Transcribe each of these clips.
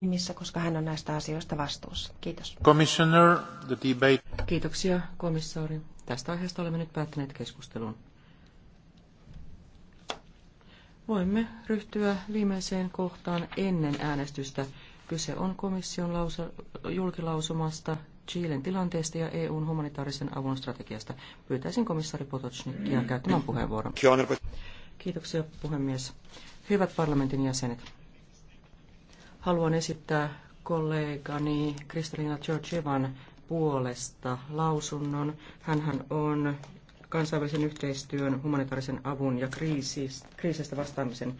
nimissä, koska hän on näistä asioista vastuussa. Kiitos. Commissioner, the debate. Kiitoksia, komissaari. Tästä aiheesta olemme nyt päättäneet keskustelun. Voimme ryhtyä viimeiseen kohtaan ennen äänestystä. Kyse on komission lausa, julkilausumasta, Chilen tilanteesta ja EUn humanitaarisen avun strategiasta. Pyytäisin komissaari Potocnikia käyttämään puheenvuoron. Kiitoksia puhemies. Hyvät parlamentin jäsenet haluan esittää kollegani Kristalina Georgievan puolesta lausunnon. Hänhän on kansainvälisen yhteistyön, humanitaarisen avun ja kriisistä vastaamisen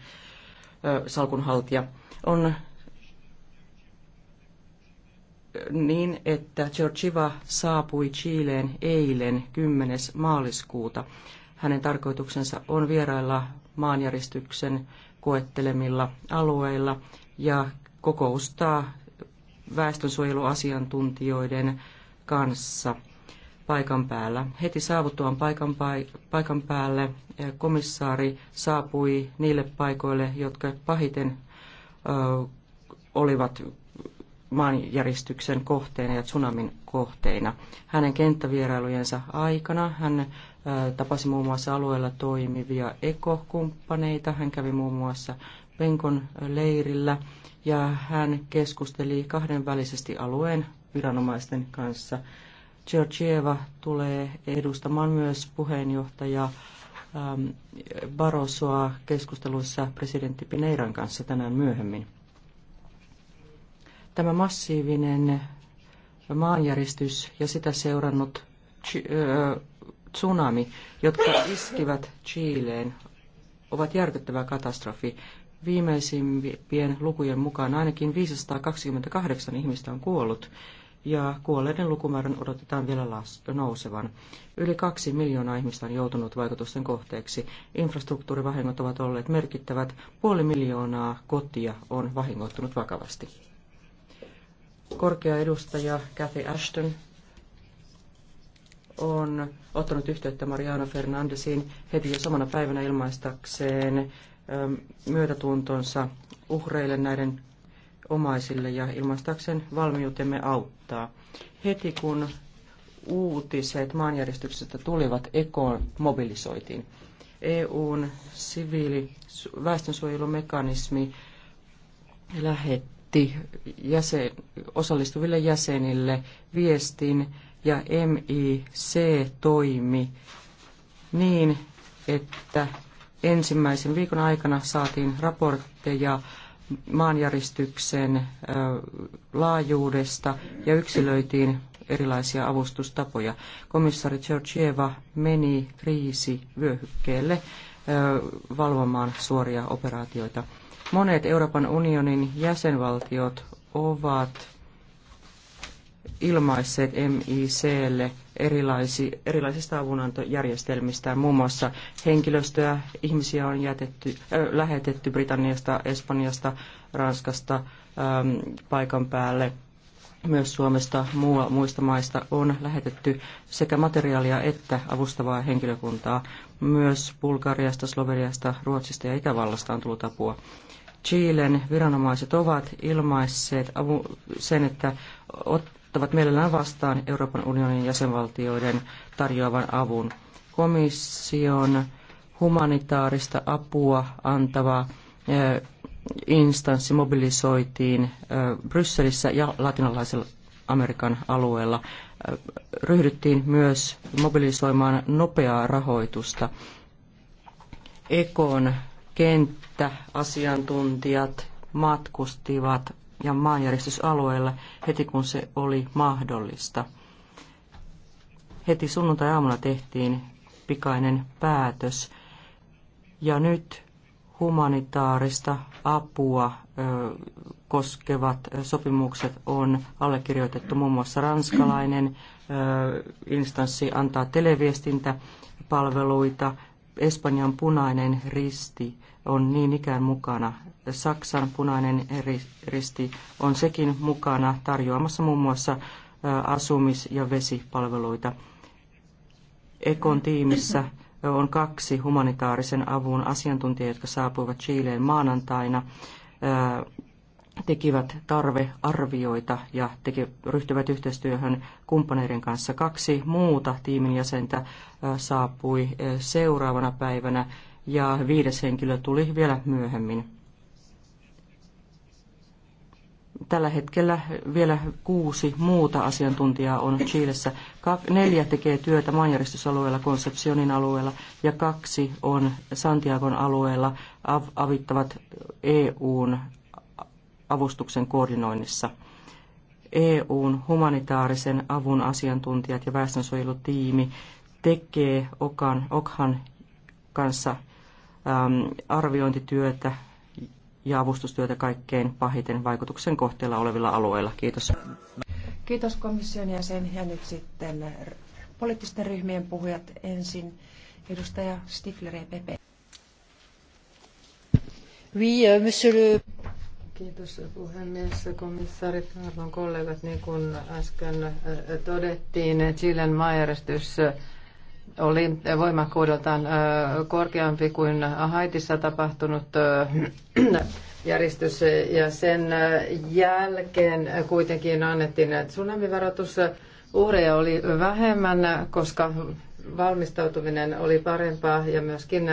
salkunhaltija. On niin, että Georgiva saapui Chileen eilen 10. maaliskuuta. Hänen tarkoituksensa on vierailla maanjäristyksen koettelemilla alueilla ja kokoustaa väestönsuojeluasiantuntijoiden kanssa paikan päällä. Heti saavuttuaan paikan, paikan päälle eh, komissaari saapui niille paikoille, jotka pahiten ö, olivat maanjäristyksen kohteena ja tsunamin kohteina. Hänen kenttävierailujensa aikana hän ö, tapasi muun muassa alueella toimivia ekokumppaneita, hän kävi muun muassa Penkon leirillä ja hän keskusteli kahdenvälisesti alueen viranomaisten kanssa. Georgieva tulee edustamaan myös puheenjohtaja ähm, Barosoa keskusteluissa presidentti Pineiran kanssa tänään myöhemmin. Tämä massiivinen maanjäristys ja sitä seurannut tsunami, jotka iskivät Chileen, ovat järkyttävä katastrofi. Viimeisimpien lukujen mukaan ainakin 528 ihmistä on kuollut ja kuolleiden lukumäärän odotetaan vielä nousevan. Yli kaksi miljoonaa ihmistä on joutunut vaikutusten kohteeksi. Infrastruktuurivahingot ovat olleet merkittävät. Puoli miljoonaa kotia on vahingoittunut vakavasti. Korkea edustaja Cathy Ashton on ottanut yhteyttä Mariana Fernandesiin heti jo samana päivänä ilmaistakseen myötätuntonsa uhreille näiden omaisille ja ilmaistakseen valmiutemme auttaa. Heti kun uutiset maanjäristyksestä tulivat, ekoon mobilisoitiin. EUn siviili väestönsuojelumekanismi lähetti jäsen, osallistuville jäsenille viestin ja MIC toimi niin, että ensimmäisen viikon aikana saatiin raportteja maanjäristyksen laajuudesta ja yksilöitiin erilaisia avustustapoja. Komissaari Georgieva meni kriisivyöhykkeelle valvomaan suoria operaatioita. Monet Euroopan unionin jäsenvaltiot ovat ilmaisseet MIClle erilaisi, erilaisista avunantojärjestelmistä. Muun muassa henkilöstöä, ihmisiä on jätetty, äh, lähetetty Britanniasta, Espanjasta, Ranskasta ähm, paikan päälle. Myös Suomesta muua, muista maista on lähetetty sekä materiaalia että avustavaa henkilökuntaa. Myös Bulgariasta, Sloveniasta, Ruotsista ja Itävallasta on tullut apua. Chilen viranomaiset ovat ilmaisseet avu, sen, että ot, ottavat mielellään vastaan Euroopan unionin jäsenvaltioiden tarjoavan avun. Komission humanitaarista apua antava eh, instanssi mobilisoitiin eh, Brysselissä ja latinalaisella Amerikan alueella. Eh, ryhdyttiin myös mobilisoimaan nopeaa rahoitusta. Ekon kenttäasiantuntijat matkustivat ja maanjäristysalueella heti kun se oli mahdollista. Heti sunnuntai-aamuna tehtiin pikainen päätös ja nyt humanitaarista apua koskevat sopimukset on allekirjoitettu. Muun muassa ranskalainen instanssi antaa televiestintäpalveluita, Espanjan punainen risti on niin ikään mukana. Saksan punainen risti on sekin mukana tarjoamassa muun muassa asumis- ja vesipalveluita. Ekon tiimissä on kaksi humanitaarisen avun asiantuntijaa, jotka saapuivat Chileen maanantaina, tekivät tarvearvioita ja teki, ryhtyvät yhteistyöhön kumppaneiden kanssa. Kaksi muuta tiimin jäsentä saapui seuraavana päivänä ja viides henkilö tuli vielä myöhemmin. Tällä hetkellä vielä kuusi muuta asiantuntijaa on Chiilessä. Neljä tekee työtä maanjäristysalueella, Concepcionin alueella ja kaksi on Santiagon alueella av- avittavat EUn avustuksen koordinoinnissa. EUn humanitaarisen avun asiantuntijat ja väestönsuojelutiimi tekee Okan, Okhan kanssa Ähm, arviointityötä ja avustustyötä kaikkein pahiten vaikutuksen kohteella olevilla alueilla. Kiitos. Kiitos komission jäsen ja nyt sitten poliittisten ryhmien puhujat ensin. Edustaja Stifler Pepe. Oui, euh, monsieur le... Kiitos puhemies, komissaarit, arvon kollegat, niin kuin äsken äh, todettiin, Chilen maajärjestys oli voimakkuudeltaan korkeampi kuin Haitissa tapahtunut järjestys ja sen jälkeen kuitenkin annettiin tsunamivaroitus. Uhreja oli vähemmän, koska valmistautuminen oli parempaa ja myöskin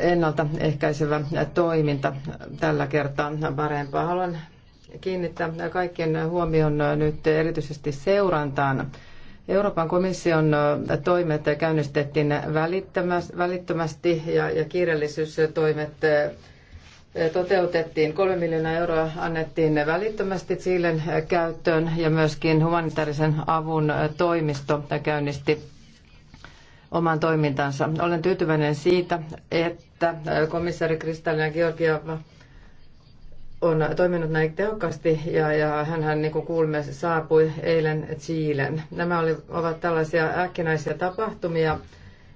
ennaltaehkäisevä toiminta tällä kertaa parempaa. Haluan kiinnittää kaikkien huomion nyt erityisesti seurantaan Euroopan komission toimet käynnistettiin välittömästi ja kiireellisyystoimet toteutettiin. Kolme miljoonaa euroa annettiin välittömästi Chilen käyttöön ja myöskin humanitaarisen avun toimisto käynnisti oman toimintansa. Olen tyytyväinen siitä, että komissaari Kristallina Georgiava on toiminut näin tehokkaasti ja, ja hän niin kuin kuulimme saapui eilen Chiilen. Nämä oli, ovat tällaisia äkkinäisiä tapahtumia,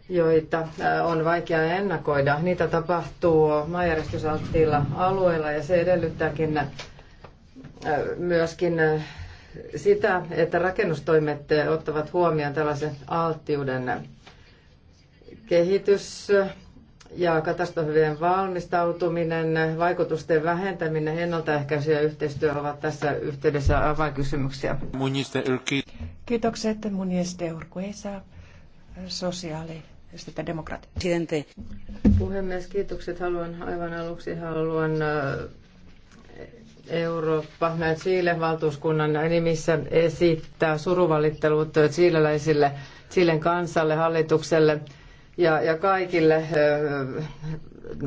joita äh, on vaikea ennakoida. Niitä tapahtuu maanjärjestysalttiilla alueella ja se edellyttääkin äh, myöskin äh, sitä, että rakennustoimet ottavat huomioon tällaisen alttiuden kehitys ja katastrofien valmistautuminen, vaikutusten vähentäminen, ennaltaehkäisy ja yhteistyö ovat tässä yhteydessä avainkysymyksiä. Kiitokset Muniste Urkuesa, sosiaali- ja demokratia. Puhemies, kiitokset. Haluan aivan aluksi haluan eh, Eurooppa Chile valtuuskunnan nimissä esittää suruvalittelut eh, chileläisille, Chilen kansalle, hallitukselle – ja, ja kaikille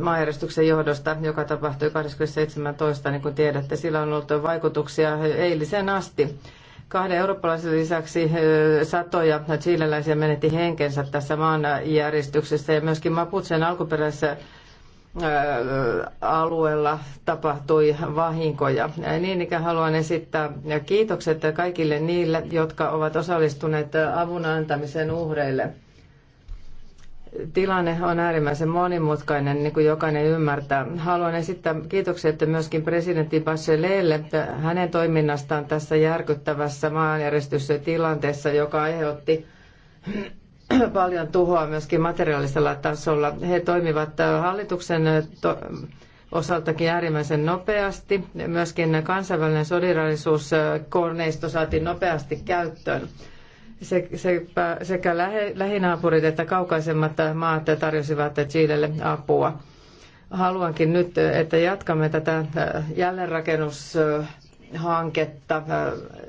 maanjärjestyksen johdosta, joka tapahtui 2017, niin kuin tiedätte, sillä on ollut vaikutuksia eilisen asti. Kahden eurooppalaisen lisäksi satoja chileläisiä menetti henkensä tässä maanjärjestyksessä ja myöskin Maputsen alkuperäisessä alueella tapahtui vahinkoja. Niin ikään haluan esittää kiitokset kaikille niille, jotka ovat osallistuneet avun antamisen uhreille. Tilanne on äärimmäisen monimutkainen, niin kuin jokainen ymmärtää. Haluan esittää kiitokset myöskin presidentti että hänen toiminnastaan tässä järkyttävässä tilanteessa joka aiheutti paljon tuhoa myöskin materiaalisella tasolla. He toimivat hallituksen to- osaltakin äärimmäisen nopeasti. Myöskin kansainvälinen solidarisuuskoneisto saatiin nopeasti käyttöön sekä lähinaapurit että kaukaisemmat maat tarjosivat Chilelle apua. Haluankin nyt, että jatkamme tätä äh, jälleenrakennushanketta äh,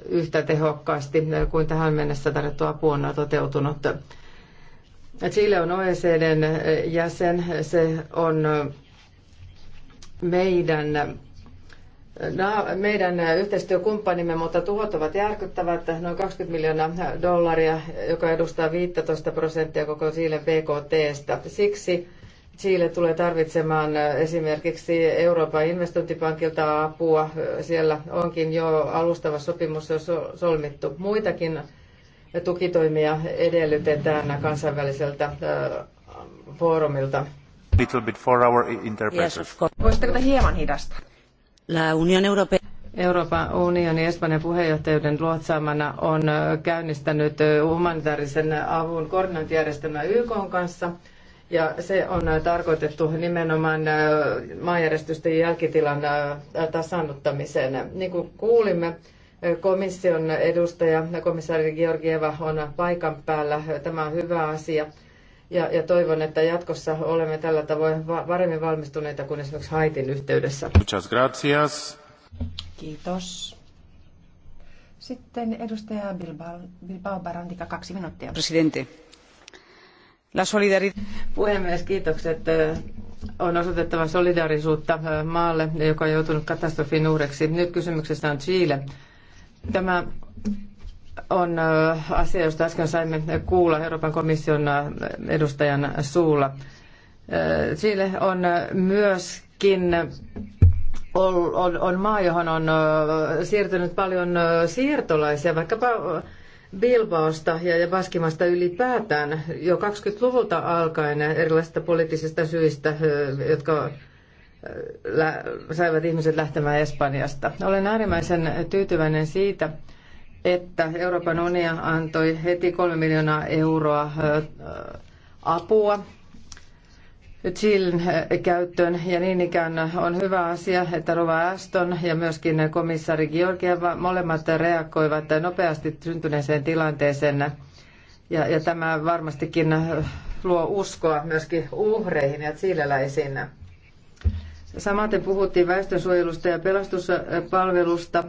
yhtä tehokkaasti äh, kuin tähän mennessä tarjottu apu on toteutunut. Chile on OECDn jäsen. Se on meidän No, meidän yhteistyökumppanimme, mutta tuhot ovat järkyttävät, noin 20 miljoonaa dollaria, joka edustaa 15 prosenttia koko Chilen BKTstä. Siksi Chile tulee tarvitsemaan äh, esimerkiksi Euroopan investointipankilta apua. Äh, siellä onkin jo alustava sopimus jo solmittu. Muitakin tukitoimia edellytetään kansainväliseltä äh, foorumilta. Little bit for our interpreters. Yes, Voisitteko te hieman hidastaa? La Unión Europea... Euroopan unionin Espanjan puheenjohtajuuden luotsaamana on käynnistänyt humanitaarisen avun koordinointijärjestelmän YK kanssa. Ja se on tarkoitettu nimenomaan maanjärjestysten jälkitilan tasannuttamiseen. Niin kuin kuulimme, komission edustaja, komissaari Georgieva on paikan päällä. Tämä on hyvä asia. Ja, ja toivon, että jatkossa olemme tällä tavoin va- paremmin valmistuneita kuin esimerkiksi Haitin yhteydessä. Muchas gracias. Kiitos. Sitten edustaja Bilbao, Bilbao Barandika, kaksi minuuttia. Presidente. La solidarit- Puhemies, kiitokset. On osoitettava solidaarisuutta maalle, joka on joutunut katastrofin uhreksi. Nyt kysymyksessä on Chile. Tämä on asia, josta äsken saimme kuulla Euroopan komission edustajan suulla. Chile on myöskin on, on, on maa, johon on siirtynyt paljon siirtolaisia, vaikkapa Bilbaosta ja, ja Baskimasta ylipäätään jo 20-luvulta alkaen erilaisista poliittisista syistä, jotka saivat ihmiset lähtemään Espanjasta. Olen äärimmäisen tyytyväinen siitä, että Euroopan unia antoi heti 3 miljoonaa euroa apua Chilen käyttöön. Ja niin ikään on hyvä asia, että Rova Aston ja myöskin komissaari Georgieva molemmat reagoivat nopeasti syntyneeseen tilanteeseen. Ja, ja tämä varmastikin luo uskoa myöskin uhreihin ja chileläisiin. Samaten puhuttiin väestönsuojelusta ja pelastuspalvelusta.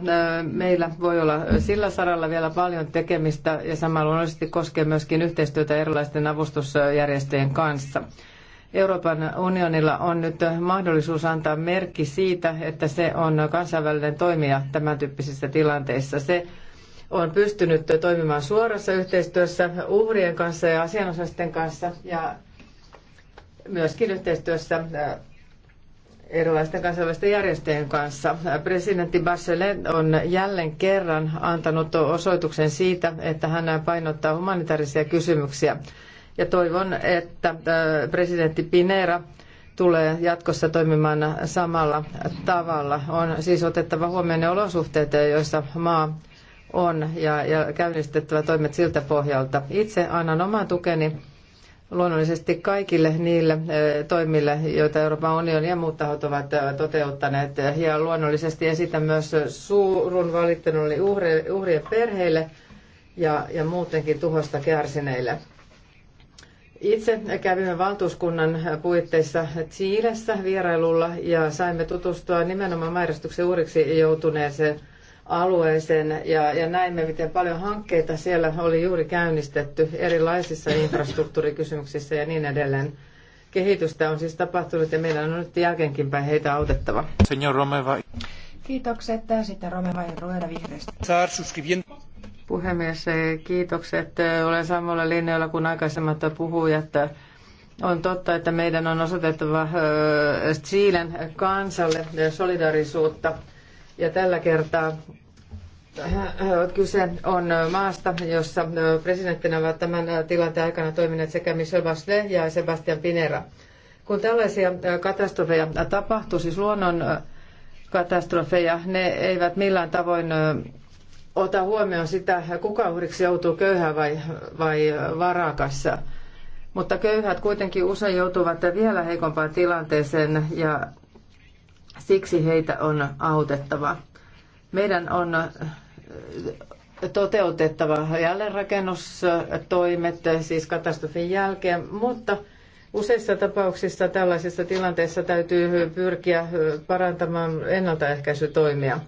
Meillä voi olla sillä saralla vielä paljon tekemistä ja samalla luonnollisesti koskee myöskin yhteistyötä erilaisten avustusjärjestöjen kanssa. Euroopan unionilla on nyt mahdollisuus antaa merkki siitä, että se on kansainvälinen toimija tämän tyyppisissä tilanteissa. Se on pystynyt toimimaan suorassa yhteistyössä uhrien kanssa ja asianosaisten kanssa ja myöskin yhteistyössä erilaisten kansainvälisten järjestöjen kanssa. Presidentti Bachelet on jälleen kerran antanut osoituksen siitä, että hän painottaa humanitaarisia kysymyksiä. Ja toivon, että äh, presidentti Pinera tulee jatkossa toimimaan samalla tavalla. On siis otettava huomioon ne olosuhteet, joissa maa on ja, ja käynnistettävä toimet siltä pohjalta. Itse annan oman tukeni luonnollisesti kaikille niille toimille, joita Euroopan unioni ja muut tahot ovat toteuttaneet. Ja luonnollisesti esitän myös suurun valittelun uhrien perheille ja, ja muutenkin tuhosta kärsineille. Itse kävimme valtuuskunnan puitteissa Chiilessä vierailulla ja saimme tutustua nimenomaan mairastuksen uhriksi joutuneeseen alueeseen ja, ja näimme, miten paljon hankkeita siellä oli juuri käynnistetty erilaisissa infrastruktuurikysymyksissä ja niin edelleen. Kehitystä on siis tapahtunut ja meidän on nyt jälkeenkinpäin heitä autettava. Senor Romeva. Kiitokset. Sitten Romeva ja Rueda vihreistä. Puhemies, eh, kiitokset. Eh, olen samalla linjoilla kuin aikaisemmat puhujat. Eh, on totta, että meidän on osoitettava Chilen kansalle solidarisuutta – ja tällä kertaa äh, äh, kyse on maasta, jossa äh, presidenttinä ovat tämän tilanteen aikana toimineet sekä Michel Bachelet ja Sebastian Pinera. Kun tällaisia katastrofeja tapahtuu, siis luonnon katastrofeja, ne eivät millään tavoin ota huomioon sitä, kuka uhriksi joutuu köyhä vai, vai varakassa. Mutta köyhät kuitenkin usein joutuvat vielä heikompaan tilanteeseen ja Siksi heitä on autettava. Meidän on äh, toteutettava jälleenrakennustoimet, siis katastrofin jälkeen, mutta useissa tapauksissa tällaisissa tilanteissa täytyy pyrkiä äh, parantamaan ennaltaehkäisytoimia.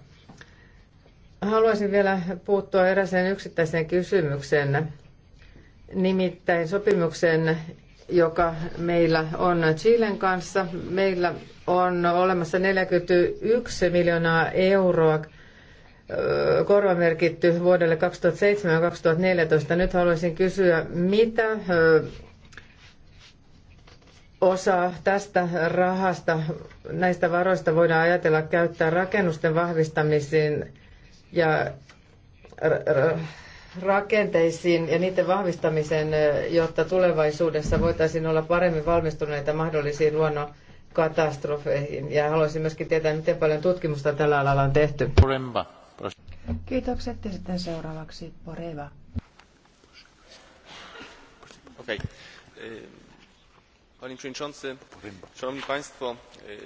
Haluaisin vielä puuttua eräseen yksittäiseen kysymykseen, nimittäin sopimuksen joka meillä on Chilen kanssa. Meillä on olemassa 41 miljoonaa euroa korvamerkitty vuodelle 2007 ja 2014. Nyt haluaisin kysyä, mitä osa tästä rahasta, näistä varoista voidaan ajatella käyttää rakennusten vahvistamisiin ja rakenteisiin ja niiden vahvistamiseen, jotta tulevaisuudessa voitaisiin olla paremmin valmistuneita mahdollisiin luonnon katastrofeihin. Ja haluaisin myöskin tietää, miten paljon tutkimusta tällä alalla on tehty. Poremba. Kiitokset ja sitten seuraavaksi Poreva. Okay. E, panie Przewodniczący, Szanowni Państwo, e,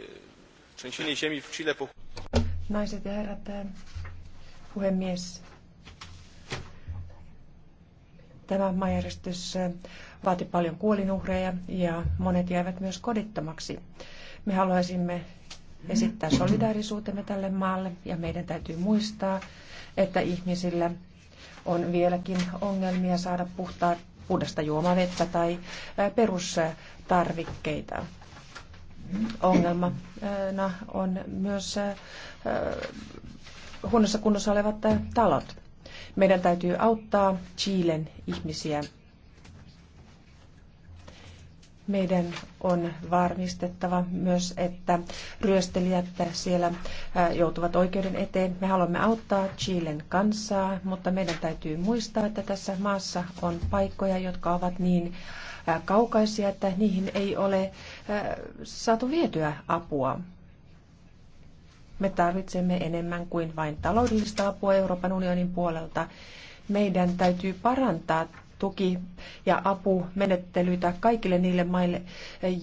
trzęsienie ziemi w Chile... Naiset ja herrat, e, puhemies, Tämä maanjäristys vaati paljon kuolinuhreja ja monet jäivät myös kodittomaksi. Me haluaisimme esittää solidaarisuutemme tälle maalle ja meidän täytyy muistaa, että ihmisillä on vieläkin ongelmia saada puhtaa, puhdasta juomavettä tai perustarvikkeita. Ongelmana on myös huonossa kunnossa olevat talot. Meidän täytyy auttaa Chilen ihmisiä. Meidän on varmistettava myös, että ryöstelijät siellä joutuvat oikeuden eteen. Me haluamme auttaa Chilen kansaa, mutta meidän täytyy muistaa, että tässä maassa on paikkoja, jotka ovat niin kaukaisia, että niihin ei ole saatu vietyä apua. Me tarvitsemme enemmän kuin vain taloudellista apua Euroopan unionin puolelta. Meidän täytyy parantaa tuki- ja apumenettelyitä kaikille niille maille,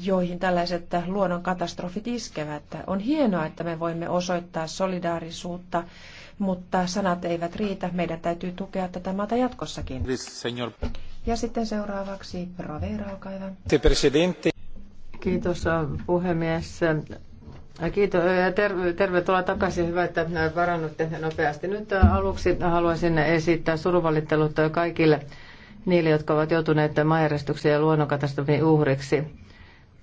joihin tällaiset luonnonkatastrofit iskevät. On hienoa, että me voimme osoittaa solidaarisuutta, mutta sanat eivät riitä. Meidän täytyy tukea tätä maata jatkossakin. Ja sitten seuraavaksi Provera, olkaa hyvä. Kiitos puhemies. Kiitos ja tervetuloa takaisin. Hyvä, että varannutte nopeasti. Nyt äh, aluksi haluaisin esittää suruvalittelut kaikille niille, jotka ovat joutuneet maanjärjestyksiä ja luonnonkatastrofin uhriksi.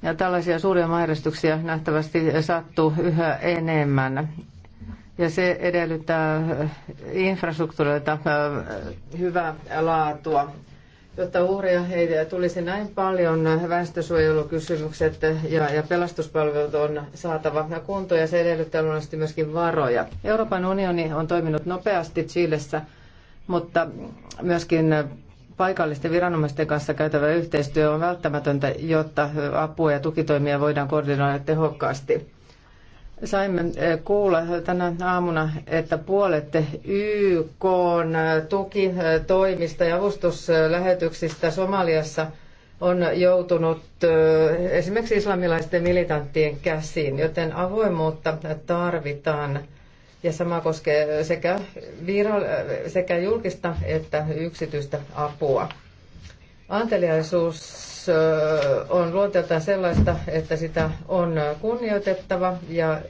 Ja tällaisia suuria maanjärjestyksiä nähtävästi sattuu yhä enemmän. Ja se edellyttää äh, infrastruktuurilta äh, hyvää laatua jotta uhreja heitä tulisi näin paljon. väestösuojelukysymykset ja, ja pelastuspalvelut on saatava kuntoon ja se edellyttää luonnollisesti myöskin varoja. Euroopan unioni on toiminut nopeasti Chilessä, mutta myöskin paikallisten viranomaisten kanssa käytävä yhteistyö on välttämätöntä, jotta apua ja tukitoimia voidaan koordinoida tehokkaasti. Saimme eh, kuulla tänä aamuna, että puolet YK eh, tukitoimista ja avustuslähetyksistä Somaliassa on joutunut eh, esimerkiksi islamilaisten militanttien käsiin, joten avoimuutta tarvitaan. Ja sama koskee sekä, viro, sekä julkista että yksityistä apua. Anteliaisuus on luonteeltaan sellaista, että sitä on kunnioitettava ja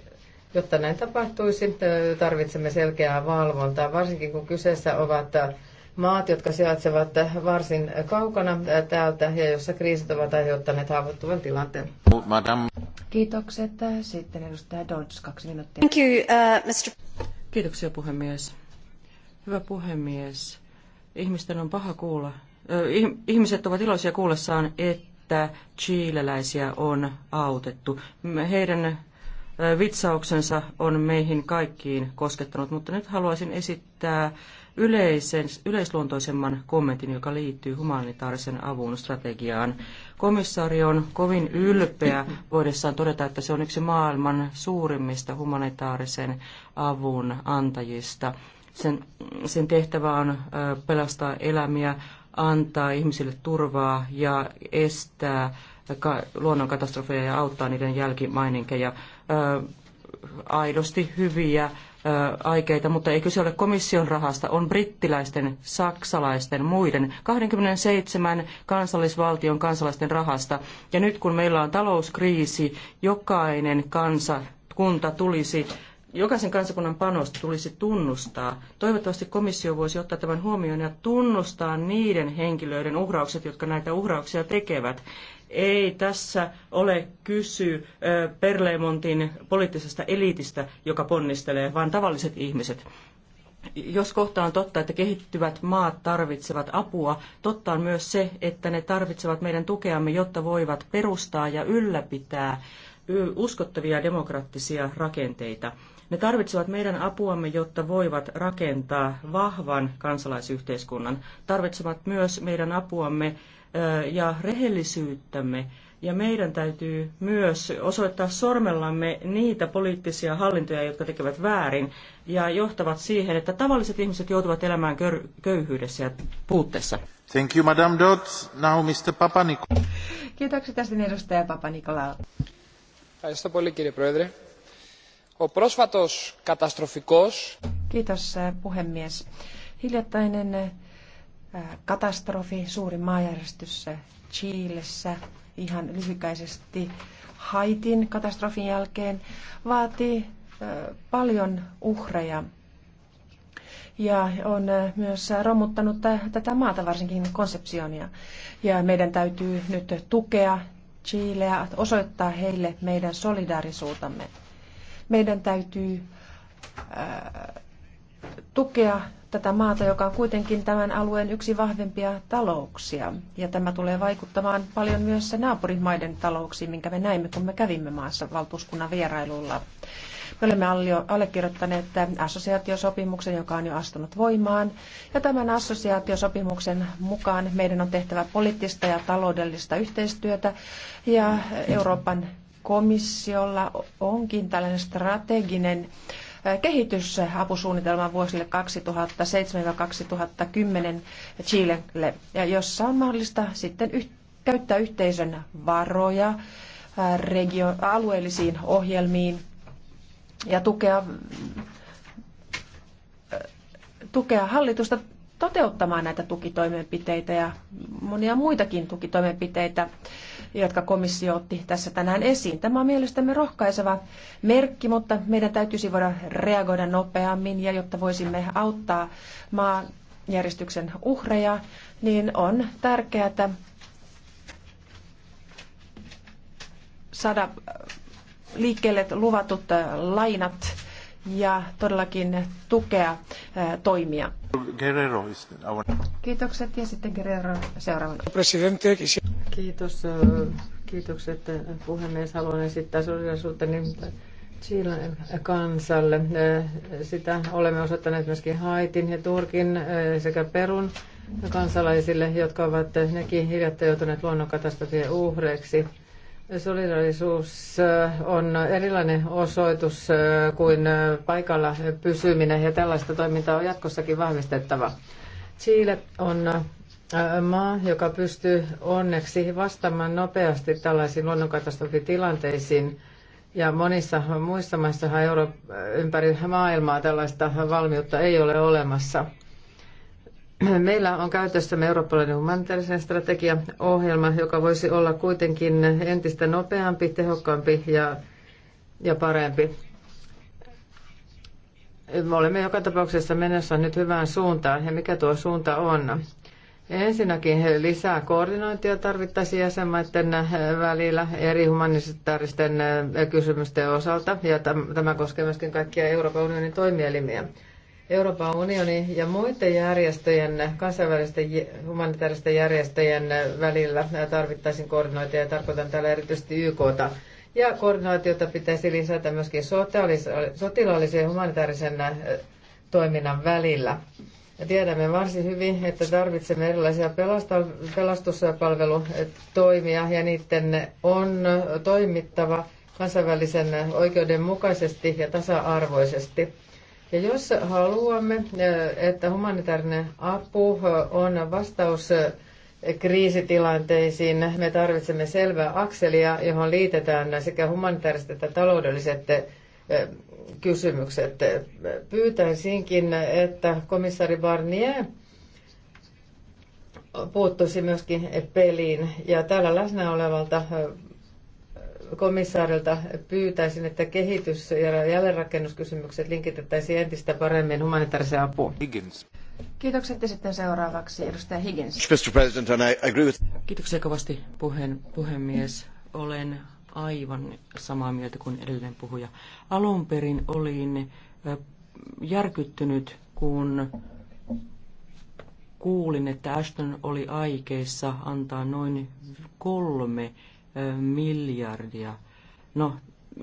jotta näin tapahtuisi, tarvitsemme selkeää valvontaa, varsinkin kun kyseessä ovat maat, jotka sijaitsevat varsin kaukana täältä ja jossa kriisit ovat aiheuttaneet haavoittuvan tilanteen. Madame. Kiitokset. Sitten edustaja Dodds, kaksi minuuttia. Thank you, uh, Mr. Kiitoksia puhemies. Hyvä puhemies. Ihmisten on paha kuulla, Ihmiset ovat iloisia kuullessaan, että chileläisiä on autettu. Heidän vitsauksensa on meihin kaikkiin koskettanut, mutta nyt haluaisin esittää yleisen, yleisluontoisemman kommentin, joka liittyy humanitaarisen avun strategiaan. Komissaari on kovin ylpeä voidessaan todeta, että se on yksi maailman suurimmista humanitaarisen avun antajista. Sen, sen tehtävä on pelastaa elämiä, antaa ihmisille turvaa ja estää luonnonkatastrofeja ja auttaa niiden jälkimaininkeja. Aidosti hyviä aikeita, mutta ei kyse ole komission rahasta, on brittiläisten, saksalaisten, muiden 27 kansallisvaltion kansalaisten rahasta. Ja nyt kun meillä on talouskriisi, jokainen kansa kunta tulisi jokaisen kansakunnan panosta tulisi tunnustaa. Toivottavasti komissio voisi ottaa tämän huomioon ja tunnustaa niiden henkilöiden uhraukset, jotka näitä uhrauksia tekevät. Ei tässä ole kysy Perlemontin poliittisesta eliitistä, joka ponnistelee, vaan tavalliset ihmiset. Jos kohta on totta, että kehittyvät maat tarvitsevat apua, totta on myös se, että ne tarvitsevat meidän tukeamme, jotta voivat perustaa ja ylläpitää uskottavia demokraattisia rakenteita. Ne tarvitsevat meidän apuamme, jotta voivat rakentaa vahvan kansalaisyhteiskunnan. Tarvitsevat myös meidän apuamme ja rehellisyyttämme. Ja meidän täytyy myös osoittaa sormellamme niitä poliittisia hallintoja, jotka tekevät väärin ja johtavat siihen, että tavalliset ihmiset joutuvat elämään köyhyydessä ja puutteessa. Thank you, Madame Dodds. Now Mr. Papanikolaou. Kiitoksia tästä niin edustaja Papanikolaou. Ευχαριστώ πολύ κύριε Πρόεδρε. Ο πρόσφατος καταστροφικός... Kiitos puhemies. Hiljattainen katastrofi, suuri maanjäristys Chiilessä ihan lyhykäisesti Haitin katastrofin jälkeen vaatii paljon uhreja ja on myös romuttanut tätä maata, varsinkin konseptionia. Ja meidän täytyy nyt tukea Chileä, osoittaa heille meidän solidaarisuutamme. Meidän täytyy äh, tukea tätä maata, joka on kuitenkin tämän alueen yksi vahvempia talouksia. Ja tämä tulee vaikuttamaan paljon myös naapurimaiden talouksiin, minkä me näimme, kun me kävimme maassa valtuuskunnan vierailulla. Me olemme allekirjoittaneet assosiaatiosopimuksen, joka on jo astunut voimaan. Ja tämän assosiaatiosopimuksen mukaan meidän on tehtävä poliittista ja taloudellista yhteistyötä. Ja Euroopan komissiolla onkin tällainen strateginen kehitysapusuunnitelma vuosille 2007-2010 Chilelle, jossa on mahdollista sitten käyttää yhteisön varoja regio- alueellisiin ohjelmiin ja tukea, tukea hallitusta toteuttamaan näitä tukitoimenpiteitä ja monia muitakin tukitoimenpiteitä jotka komissio otti tässä tänään esiin. Tämä on mielestämme rohkaiseva merkki, mutta meidän täytyisi voida reagoida nopeammin ja jotta voisimme auttaa maanjäristyksen uhreja, niin on tärkeää saada liikkeelle luvatut lainat ja todellakin tukea toimia. Kiitokset ja sitten Guerrero seuraavana. Presidente, Kiitos. Kiitokset puhemies. Haluan esittää solidaisuuteni Chilen kansalle. Sitä olemme osoittaneet myöskin Haitin ja Turkin sekä Perun kansalaisille, jotka ovat nekin hiljattain joutuneet luonnonkatastrofien uhreiksi. Solidarisuus äh, on erilainen osoitus äh, kuin äh, paikalla pysyminen ja tällaista toimintaa on jatkossakin vahvistettava. Chile on maa, joka pystyy onneksi vastaamaan nopeasti tällaisiin luonnonkatastrofitilanteisiin. Ja monissa muissa maissa ympäri maailmaa tällaista valmiutta ei ole olemassa. Meillä on käytössämme eurooppalainen humanitaarisen strategiaohjelma, joka voisi olla kuitenkin entistä nopeampi, tehokkaampi ja, ja parempi. Me olemme joka tapauksessa menossa nyt hyvään suuntaan, ja mikä tuo suunta on? Ensinnäkin lisää koordinointia tarvittaisiin jäsenmaiden välillä eri humanitaaristen kysymysten osalta, ja tämä koskee myöskin kaikkia Euroopan unionin toimielimiä. Euroopan unionin ja muiden järjestöjen, kansainvälisten humanitaaristen järjestöjen välillä tarvittaisiin koordinointia ja tarkoitan täällä erityisesti YKta. Ja koordinaatiota pitäisi lisätä myöskin sotilaallisen ja humanitaarisen äh, toiminnan välillä. Ja tiedämme varsin hyvin, että tarvitsemme erilaisia pelastuspalvelutoimia ja niiden on toimittava kansainvälisen oikeuden mukaisesti ja tasa-arvoisesti. Ja jos haluamme, että humanitaarinen apu on vastaus kriisitilanteisiin, me tarvitsemme selvää akselia, johon liitetään sekä humanitaariset että taloudelliset kysymykset. Pyytäisinkin, että komissaari Barnier puuttuisi myöskin peliin ja täällä läsnä olevalta komissaarilta pyytäisin, että kehitys- ja jälleenrakennuskysymykset linkitettäisiin entistä paremmin humanitaariseen apuun. Higgins. Kiitokset ja sitten seuraavaksi edustaja Higgins. Mr. President, and I agree with... Kiitoksia kovasti puheen, puhemies. Olen aivan samaa mieltä kuin edellinen puhuja. Alun perin olin järkyttynyt, kun kuulin, että Ashton oli aikeissa antaa noin kolme miljardia. No,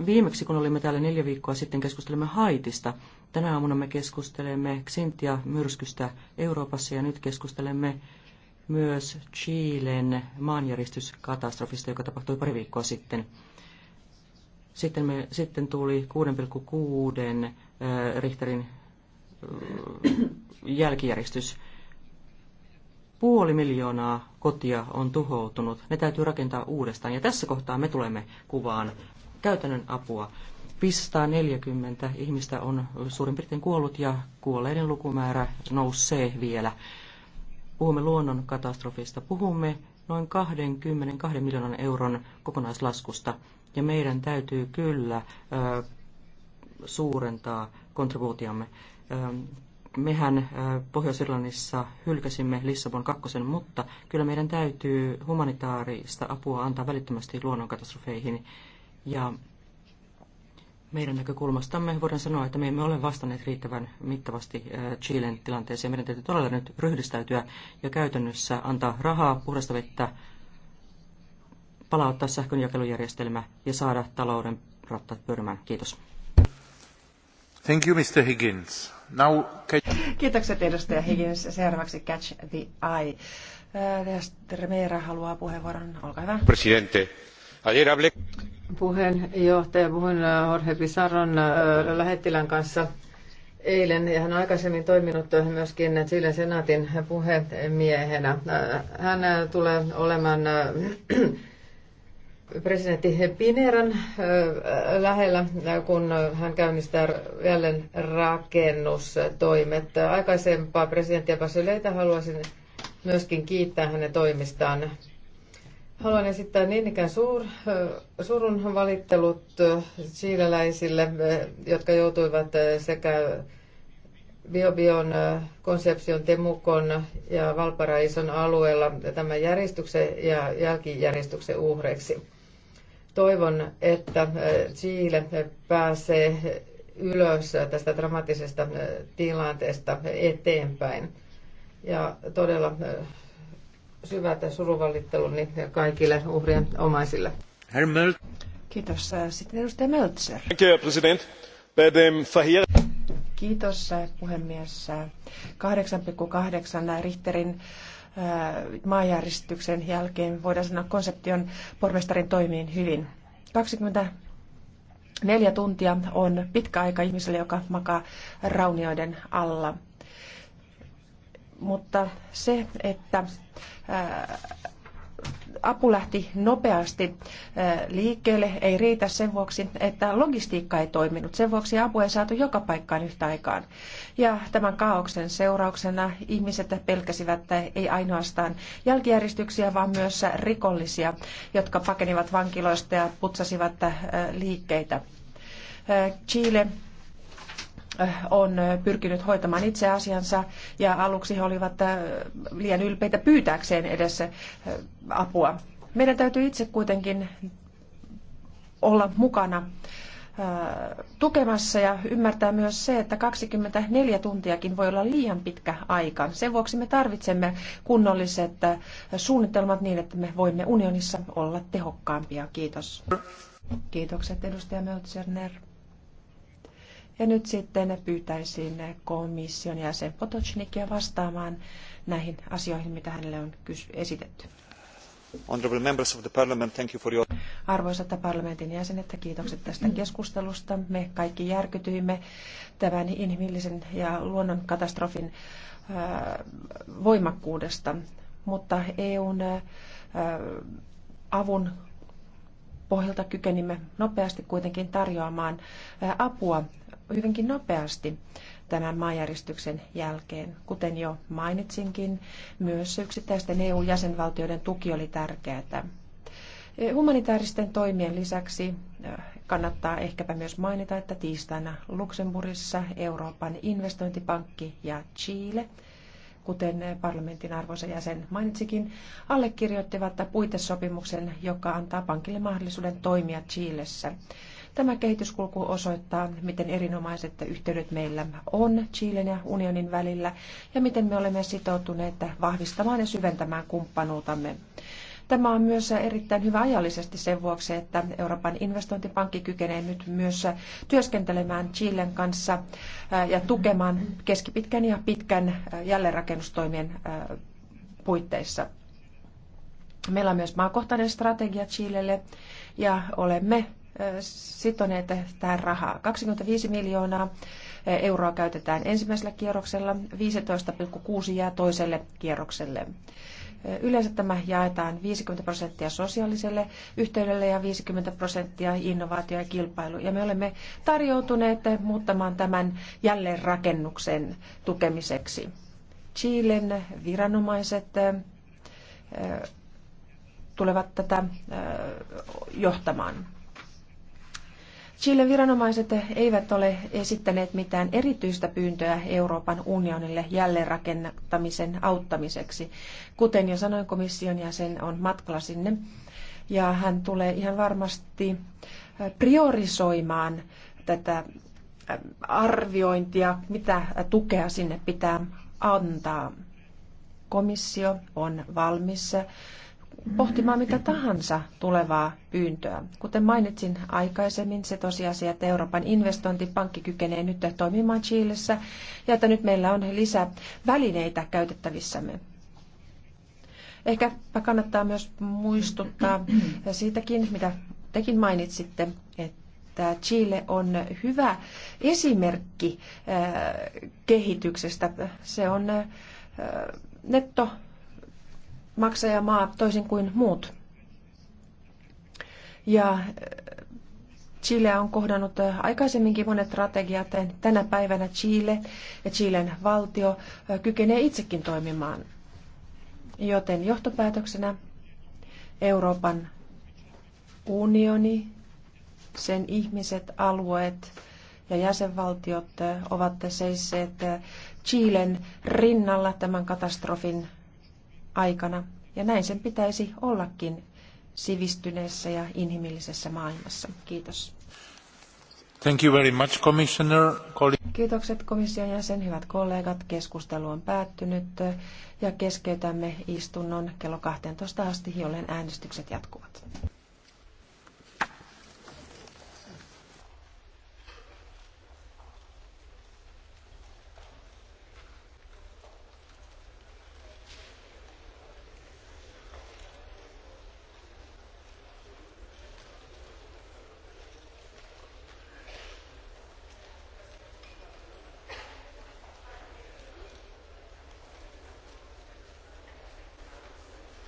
viimeksi kun olimme täällä neljä viikkoa sitten, keskustelimme Haitista. Tänä aamuna me keskustelemme Xintia-myrskystä Euroopassa ja nyt keskustelemme myös Chilen maanjäristyskatastrofista, joka tapahtui pari viikkoa sitten. Sitten, me, sitten tuli 6,6 Richterin jälkijäristys Puoli miljoonaa kotia on tuhoutunut. Ne täytyy rakentaa uudestaan. Ja tässä kohtaa me tulemme kuvaan käytännön apua. 540 ihmistä on suurin piirtein kuollut ja kuolleiden lukumäärä nousee vielä. Puhumme luonnon katastrofista. Puhumme noin 22 miljoonan euron kokonaislaskusta. Ja meidän täytyy kyllä ö, suurentaa kontribuutiamme. Ö, mehän äh, Pohjois-Irlannissa hylkäsimme Lissabon kakkosen, mutta kyllä meidän täytyy humanitaarista apua antaa välittömästi luonnonkatastrofeihin. Ja meidän näkökulmastamme voidaan sanoa, että me emme ole vastanneet riittävän mittavasti äh, Chilen tilanteeseen. Meidän täytyy todella nyt ryhdistäytyä ja käytännössä antaa rahaa, puhdasta vettä, palauttaa sähkönjakelujärjestelmä ja saada talouden rattaat pyörimään. Kiitos. Thank you, Mr. Higgins. Now, Kiitokset edustaja Higgins. Seuraavaksi Catch the Eye. Äh, Termeera haluaa puheenvuoron. Olkaa hyvä. Presidente. Ayer hablé... Puheenjohtaja, puhuin äh, Jorge Pizarron äh, lähettilän kanssa eilen ja hän on aikaisemmin toiminut myöskin Chilen senaatin puhemiehenä. Hän tulee olemaan presidentti Pineran lähellä, kun hän käynnistää jälleen rakennustoimet. Aikaisempaa presidenttiä Basileita haluaisin myöskin kiittää hänen toimistaan. Haluan esittää niin ikään suur, surun valittelut siiläläisille, jotka joutuivat sekä Biobion, Konseption, Temukon ja Valparaison alueella tämän järjestyksen ja jälkijärjestyksen uhreiksi. Toivon, että äh, Chile pääsee ylös tästä dramaattisesta äh, tilanteesta eteenpäin. Ja todella äh, syvät suruvalitteluni niin kaikille uhrien omaisille. Herr Kiitos. Sitten edustaja Möltser. Kiitos puhemies. 8,8 Richterin maanjäristyksen jälkeen, voidaan sanoa, konsepti on pormestarin toimiin hyvin. 24 tuntia on pitkä aika ihmiselle, joka makaa raunioiden alla. Mutta se, että apu lähti nopeasti äh, liikkeelle, ei riitä sen vuoksi, että logistiikka ei toiminut. Sen vuoksi apu ei saatu joka paikkaan yhtä aikaan. Ja tämän kaauksen seurauksena ihmiset pelkäsivät että ei ainoastaan jälkijärjestyksiä, vaan myös rikollisia, jotka pakenivat vankiloista ja putsasivat äh, liikkeitä. Äh, Chile on pyrkinyt hoitamaan itse asiansa ja aluksi he olivat äh, liian ylpeitä pyytääkseen edessä äh, apua. Meidän täytyy itse kuitenkin olla mukana äh, tukemassa ja ymmärtää myös se, että 24 tuntiakin voi olla liian pitkä aika. Sen vuoksi me tarvitsemme kunnolliset suunnitelmat niin, että me voimme unionissa olla tehokkaampia. Kiitos. Kiitokset edustaja Möltserner. Ja nyt sitten pyytäisin komission jäsen Potocnikia vastaamaan näihin asioihin, mitä hänelle on esitetty. Arvoisat parlamentin jäsenet, kiitokset tästä keskustelusta. Me kaikki järkytyimme tämän inhimillisen ja luonnon katastrofin äh, voimakkuudesta, mutta EUn äh, avun pohjalta kykenimme nopeasti kuitenkin tarjoamaan äh, apua hyvinkin nopeasti tämän maanjäristyksen jälkeen. Kuten jo mainitsinkin, myös yksittäisten EU-jäsenvaltioiden tuki oli tärkeää. Humanitaaristen toimien lisäksi kannattaa ehkäpä myös mainita, että tiistaina Luxemburgissa Euroopan investointipankki ja Chile, kuten parlamentin arvoisa jäsen mainitsikin, allekirjoittivat puitesopimuksen, joka antaa pankille mahdollisuuden toimia Chilessä. Tämä kehityskulku osoittaa, miten erinomaiset yhteydet meillä on Chilen ja unionin välillä ja miten me olemme sitoutuneet vahvistamaan ja syventämään kumppanuutamme. Tämä on myös erittäin hyvä ajallisesti sen vuoksi, että Euroopan investointipankki kykenee nyt myös työskentelemään Chilen kanssa ja tukemaan keskipitkän ja pitkän jälleenrakennustoimien puitteissa. Meillä on myös maakohtainen strategia Chilelle ja olemme sitoneet tähän rahaa. 25 miljoonaa eh, euroa käytetään ensimmäisellä kierroksella, 15,6 jää toiselle kierrokselle. Eh, yleensä tämä jaetaan 50 prosenttia sosiaaliselle yhteydelle ja 50 prosenttia innovaatio ja kilpailu. Ja me olemme tarjoutuneet muuttamaan tämän jälleenrakennuksen tukemiseksi. Chilen viranomaiset eh, tulevat tätä johtamaan. Chilen viranomaiset eivät ole esittäneet mitään erityistä pyyntöä Euroopan unionille jälleenrakentamisen auttamiseksi. Kuten jo sanoin, komission jäsen on matkalla sinne ja hän tulee ihan varmasti äh, priorisoimaan tätä äh, arviointia, mitä tukea sinne pitää antaa. Komissio on valmis pohtimaan mitä tahansa tulevaa pyyntöä. Kuten mainitsin aikaisemmin, se tosiasia, että Euroopan investointipankki kykenee nyt toimimaan Chiilessä ja että nyt meillä on lisää välineitä käytettävissämme. Ehkä kannattaa myös muistuttaa siitäkin, mitä tekin mainitsitte, että Chile on hyvä esimerkki äh, kehityksestä. Se on äh, netto maksajamaa toisin kuin muut. Ja äh, Chile on kohdannut äh, aikaisemminkin monet strategiat. Tänä päivänä Chile ja Chilen valtio äh, kykenee itsekin toimimaan. Joten johtopäätöksenä Euroopan unioni, sen ihmiset, alueet ja jäsenvaltiot ovat seisseet Chilen rinnalla tämän katastrofin aikana, ja näin sen pitäisi ollakin sivistyneessä ja inhimillisessä maailmassa. Kiitos. Thank you very much, Commissioner. Kiitokset komission jäsen, hyvät kollegat. Keskustelu on päättynyt ja keskeytämme istunnon kello 12 asti, jolloin äänestykset jatkuvat.